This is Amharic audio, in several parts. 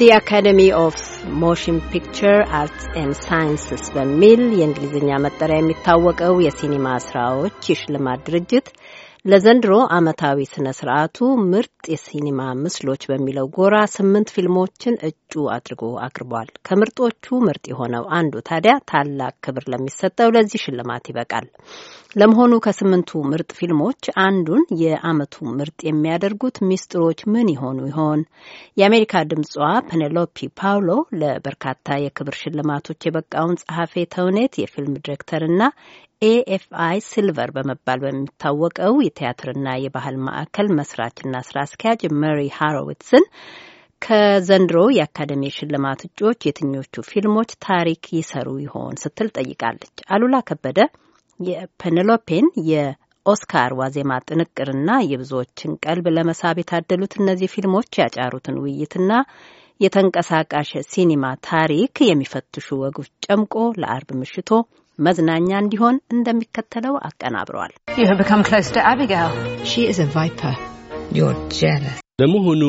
the አካደሚ ኦፍ ሞሽን ፒክቸር አርትስ ኤንድ ሳይንስስ በሚል የእንግሊዝኛ መጠሪያ የሚታወቀው የሲኒማ ስራዎች የሽልማት ድርጅት ለዘንድሮ ዓመታዊ ስነ ስርዓቱ ምርጥ የሲኒማ ምስሎች በሚለው ጎራ ስምንት ፊልሞችን እጩ አድርጎ አቅርቧል። ከምርጦቹ ምርጥ የሆነው አንዱ ታዲያ ታላቅ ክብር ለሚሰጠው ለዚህ ሽልማት ይበቃል። ለመሆኑ ከስምንቱ ምርጥ ፊልሞች አንዱን የዓመቱ ምርጥ የሚያደርጉት ሚስጥሮች ምን ይሆኑ ይሆን? የአሜሪካ ድምጿ ፔኔሎፒ ፓውሎ ለበርካታ የክብር ሽልማቶች የበቃውን ጸሐፌ ተውኔት የፊልም ዲሬክተርና ኤኤፍአይ ሲልቨር በመባል በሚታወቀው የቲያትርና የባህል ማዕከል መስራችና ስራ አስኪያጅ መሪ ሃሮዊትስን ከዘንድሮ የአካደሚ ሽልማት እጩዎች የትኞቹ ፊልሞች ታሪክ ይሰሩ ይሆን ስትል ጠይቃለች። አሉላ ከበደ የፔኔሎፔን የኦስካር ዋዜማ ጥንቅርና የብዙዎችን ቀልብ ለመሳብ የታደሉት እነዚህ ፊልሞች ያጫሩትን ውይይትና የተንቀሳቃሽ ሲኒማ ታሪክ የሚፈትሹ ወጎች ጨምቆ ለአርብ ምሽቶ መዝናኛ እንዲሆን እንደሚከተለው አቀናብረዋል። ለመሆኑ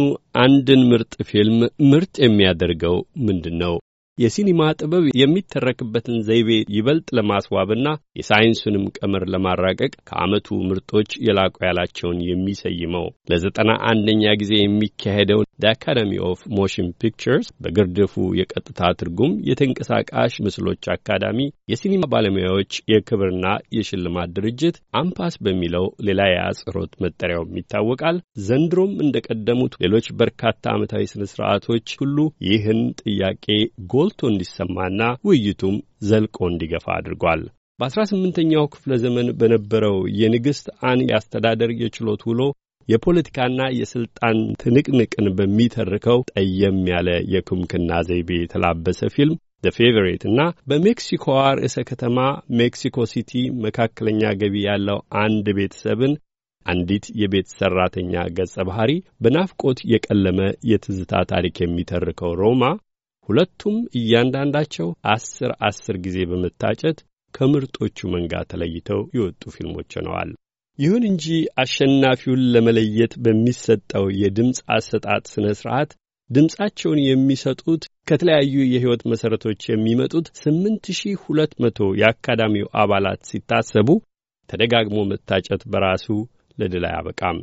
አንድን ምርጥ ፊልም ምርጥ የሚያደርገው ምንድን ነው? የሲኒማ ጥበብ የሚተረክበትን ዘይቤ ይበልጥ ለማስዋብና የሳይንሱንም ቀመር ለማራቀቅ ከዓመቱ ምርጦች የላቁ ያላቸውን የሚሰይመው ለዘጠና አንደኛ ጊዜ የሚካሄደውን ደ አካደሚ ኦፍ ሞሽን ፒክቸርስ በግርድፉ የቀጥታ ትርጉም የተንቀሳቃሽ ምስሎች አካዳሚ የሲኒማ ባለሙያዎች የክብርና የሽልማት ድርጅት አምፓስ በሚለው ሌላ የአጽሮት መጠሪያውም ይታወቃል። ዘንድሮም እንደቀደሙት ሌሎች በርካታ ዓመታዊ ስነ ስርዓቶች ሁሉ ይህን ጥያቄ ጎል ጎልቶ እንዲሰማና ውይይቱም ዘልቆ እንዲገፋ አድርጓል። በአስራ ስምንተኛው ክፍለ ዘመን በነበረው የንግሥት አን የአስተዳደር የችሎት ውሎ የፖለቲካና የሥልጣን ትንቅንቅን በሚተርከው ጠየም ያለ የኩምክና ዘይቤ የተላበሰ ፊልም ደ ፌቨሬት እና በሜክሲኮዋ ርዕሰ ከተማ ሜክሲኮ ሲቲ መካከለኛ ገቢ ያለው አንድ ቤተሰብን አንዲት የቤት ሠራተኛ ገጸ ባህሪ በናፍቆት የቀለመ የትዝታ ታሪክ የሚተርከው ሮማ ሁለቱም እያንዳንዳቸው አስር አስር ጊዜ በመታጨት ከምርጦቹ መንጋ ተለይተው የወጡ ፊልሞች ሆነዋል። ይሁን እንጂ አሸናፊውን ለመለየት በሚሰጠው የድምፅ አሰጣጥ ሥነ ሥርዓት ድምፃቸውን የሚሰጡት ከተለያዩ የሕይወት መሠረቶች የሚመጡት ስምንት ሺህ ሁለት መቶ የአካዳሚው አባላት ሲታሰቡ ተደጋግሞ መታጨት በራሱ ለድል አያበቃም።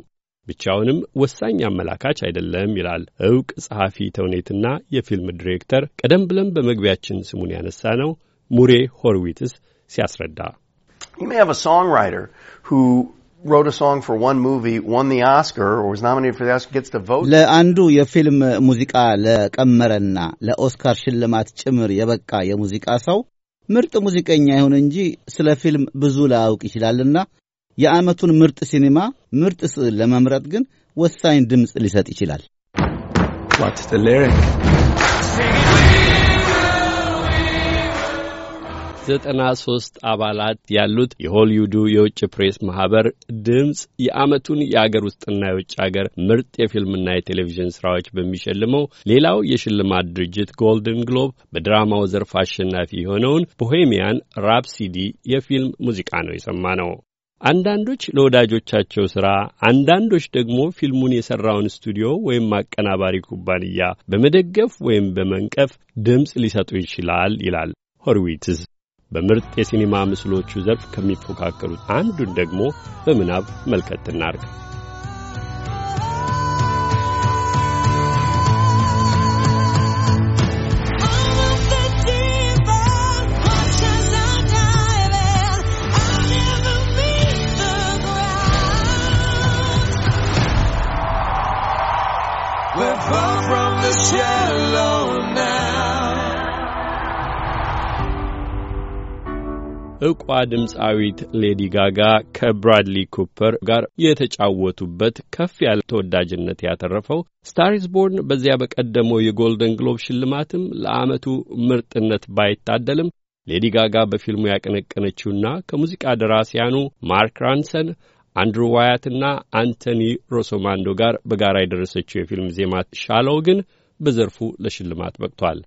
ብቻውንም ወሳኝ አመላካች አይደለም ይላል እውቅ ጸሐፊ ተውኔትና የፊልም ዲሬክተር ቀደም ብለን በመግቢያችን ስሙን ያነሳ ነው ሙሬ ሆርዊትስ ሲያስረዳ ለአንዱ የፊልም ሙዚቃ ለቀመረና ለኦስካር ሽልማት ጭምር የበቃ የሙዚቃ ሰው ምርጥ ሙዚቀኛ ይሁን እንጂ ስለ ፊልም ብዙ ላያውቅ ይችላልና የዓመቱን ምርጥ ሲኒማ፣ ምርጥ ስዕል ለመምረጥ ግን ወሳኝ ድምፅ ሊሰጥ ይችላል። ዘጠና ሶስት አባላት ያሉት የሆሊውዱ የውጭ ፕሬስ ማህበር ድምፅ የዓመቱን የአገር ውስጥና የውጭ አገር ምርጥ የፊልምና የቴሌቪዥን ስራዎች በሚሸልመው ሌላው የሽልማት ድርጅት ጎልደን ግሎብ በድራማው ዘርፍ አሸናፊ የሆነውን ቦሄሚያን ራፕሲዲ የፊልም ሙዚቃ ነው የሰማ ነው። አንዳንዶች ለወዳጆቻቸው ሥራ፣ አንዳንዶች ደግሞ ፊልሙን የሠራውን ስቱዲዮ ወይም አቀናባሪ ኩባንያ በመደገፍ ወይም በመንቀፍ ድምፅ ሊሰጡ ይችላል ይላል ሆርዊትዝ። በምርጥ የሲኒማ ምስሎቹ ዘርፍ ከሚፎካከሩት አንዱን ደግሞ በምናብ መልከት እናርግ። እቋ ድምፃዊት ሌዲ ጋጋ ከብራድሊ ኩፐር ጋር የተጫወቱበት ከፍ ያለ ተወዳጅነት ያተረፈው ስታሪስ ቦርን በዚያ በቀደመው የጎልደን ግሎብ ሽልማትም ለዓመቱ ምርጥነት ባይታደልም ሌዲ ጋጋ በፊልሙ ያቀነቀነችውና ከሙዚቃ ደራሲያኑ ማርክ ራንሰን፣ አንድሩ ዋያትና አንቶኒ ሮሶማንዶ ጋር በጋራ የደረሰችው የፊልም ዜማ ሻለው ግን በዘርፉ ለሽልማት በቅቷል።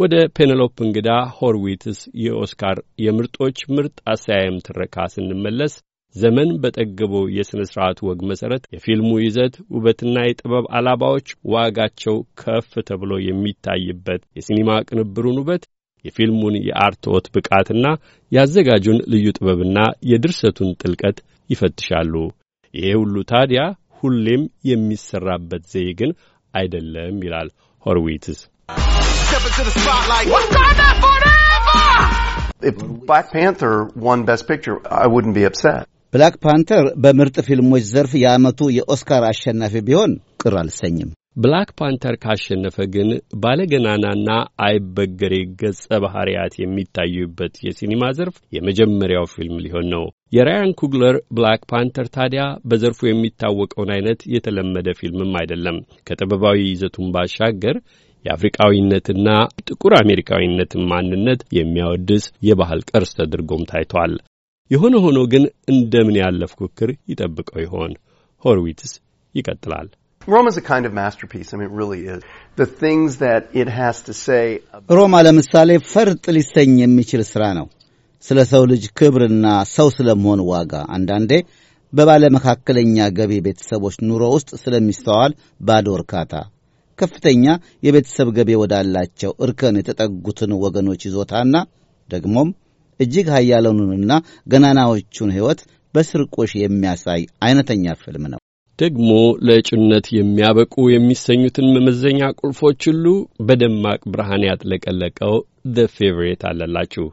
ወደ ፔኔሎፕ እንግዳ ሆርዊትስ የኦስካር የምርጦች ምርጥ አሰያየም ትረካ ስንመለስ ዘመን በጠገበው የሥነ ሥርዓቱ ወግ መሠረት የፊልሙ ይዘት ውበትና የጥበብ አላባዎች ዋጋቸው ከፍ ተብሎ የሚታይበት የሲኒማ ቅንብሩን ውበት የፊልሙን የአርትዖት ብቃትና ያዘጋጁን ልዩ ጥበብና የድርሰቱን ጥልቀት ይፈትሻሉ። ይሄ ሁሉ ታዲያ ሁሌም የሚሰራበት ዘዬ ግን አይደለም ይላል ሆርዊትስ። step into the spotlight. What's on that forever? If Black Panther won Best Picture, I wouldn't be upset. ብላክ ፓንተር በምርጥ ፊልሞች ዘርፍ የዓመቱ የኦስካር አሸናፊ ቢሆን ቅር አልሰኝም። ብላክ ፓንተር ካሸነፈ ግን ባለገናናና አይበገሬ ገጸ ባህሪያት የሚታዩበት የሲኒማ ዘርፍ የመጀመሪያው ፊልም ሊሆን ነው። የራያን ኩግለር ብላክ ፓንተር ታዲያ በዘርፉ የሚታወቀውን አይነት የተለመደ ፊልምም አይደለም። ከጥበባዊ ይዘቱን ባሻገር የአፍሪቃዊነትና ጥቁር አሜሪካዊነትን ማንነት የሚያወድስ የባህል ቅርስ ተደርጎም ታይቷል። የሆነ ሆኖ ግን እንደምን ያለ ፉክክር ይጠብቀው ይሆን? ሆርዊትስ ይቀጥላል። ሮማ ለምሳሌ ፈርጥ ሊሰኝ የሚችል ሥራ ነው። ስለ ሰው ልጅ ክብርና ሰው ስለመሆን ዋጋ አንዳንዴ በባለ መካከለኛ ገቢ ቤተሰቦች ኑሮ ውስጥ ስለሚስተዋል ባዶ እርካታ ከፍተኛ የቤተሰብ ገቢ ወዳላቸው እርከን የተጠጉትን ወገኖች ይዞታና ደግሞም እጅግ ሀያላኑንና ገናናዎቹን ሕይወት በስርቆሽ የሚያሳይ አይነተኛ ፊልም ነው። ደግሞ ለእጩነት የሚያበቁ የሚሰኙትን መመዘኛ ቁልፎች ሁሉ በደማቅ ብርሃን ያጥለቀለቀው ዘ ፌቨሬት አለላችሁ።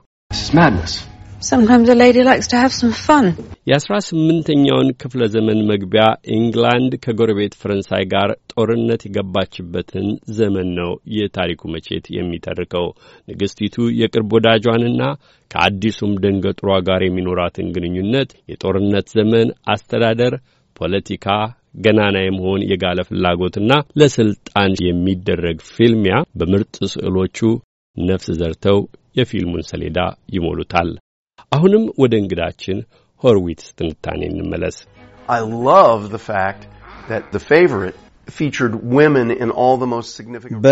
የአስራ ስምንተኛውን ክፍለ ዘመን መግቢያ ኢንግላንድ ከጎረቤት ፈረንሳይ ጋር ጦርነት የገባችበትን ዘመን ነው የታሪኩ መቼት የሚተርከው። ንግሥቲቱ የቅርብ ወዳጇንና ከአዲሱም ደንገጥሯ ጋር የሚኖራትን ግንኙነት፣ የጦርነት ዘመን አስተዳደር፣ ፖለቲካ ገናና የመሆን የጋለ ፍላጎትና ለስልጣን የሚደረግ ፊልሚያ በምርጥ ስዕሎቹ ነፍስ ዘርተው የፊልሙን ሰሌዳ ይሞሉታል። አሁንም ወደ እንግዳችን ሆርዊትስ ትንታኔ እንመለስ። I love the fact that The Favorite featured women in all the most significant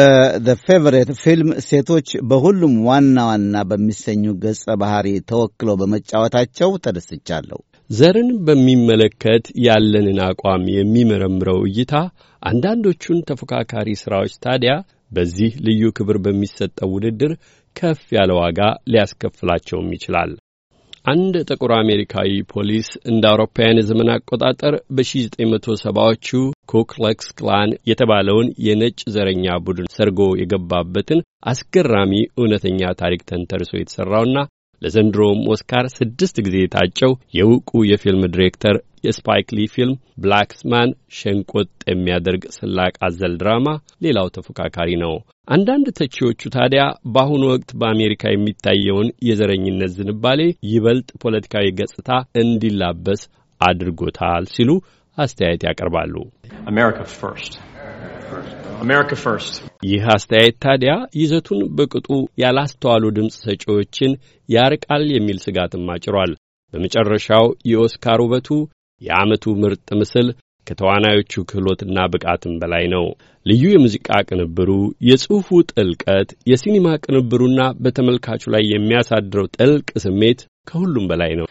ፌቨሬት ፊልም ሴቶች በሁሉም ዋና ዋና በሚሰኙ ገጸ ባህሪ ተወክለው በመጫወታቸው ተደስቻለሁ። ዘርን በሚመለከት ያለንን አቋም የሚመረምረው እይታ አንዳንዶቹን ተፎካካሪ ሥራዎች ታዲያ በዚህ ልዩ ክብር በሚሰጠው ውድድር ከፍ ያለ ዋጋ ሊያስከፍላቸውም ይችላል። አንድ ጥቁር አሜሪካዊ ፖሊስ እንደ አውሮፓውያን የዘመን አቆጣጠር በ1970ዎቹ ኩክለክስ ክላን የተባለውን የነጭ ዘረኛ ቡድን ሰርጎ የገባበትን አስገራሚ እውነተኛ ታሪክ ተንተርሶ የተሠራውና ለዘንድሮም ኦስካር ስድስት ጊዜ የታጨው የውቁ የፊልም ዲሬክተር የስፓይክ ሊ ፊልም ብላክስማን ሸንቆጥ የሚያደርግ ስላቅ አዘል ድራማ ሌላው ተፎካካሪ ነው። አንዳንድ ተቺዎቹ ታዲያ በአሁኑ ወቅት በአሜሪካ የሚታየውን የዘረኝነት ዝንባሌ ይበልጥ ፖለቲካዊ ገጽታ እንዲላበስ አድርጎታል ሲሉ አስተያየት ያቀርባሉ። አሜሪካ ፈርስት ይህ አስተያየት ታዲያ ይዘቱን በቅጡ ያላስተዋሉ ድምፅ ሰጪዎችን ያርቃል የሚል ስጋትም አጭሯል። በመጨረሻው የኦስካር ውበቱ የዓመቱ ምርጥ ምስል ከተዋናዮቹ ክህሎትና ብቃትም በላይ ነው። ልዩ የሙዚቃ ቅንብሩ፣ የጽሑፉ ጥልቀት፣ የሲኒማ ቅንብሩና በተመልካቹ ላይ የሚያሳድረው ጥልቅ ስሜት ከሁሉም በላይ ነው።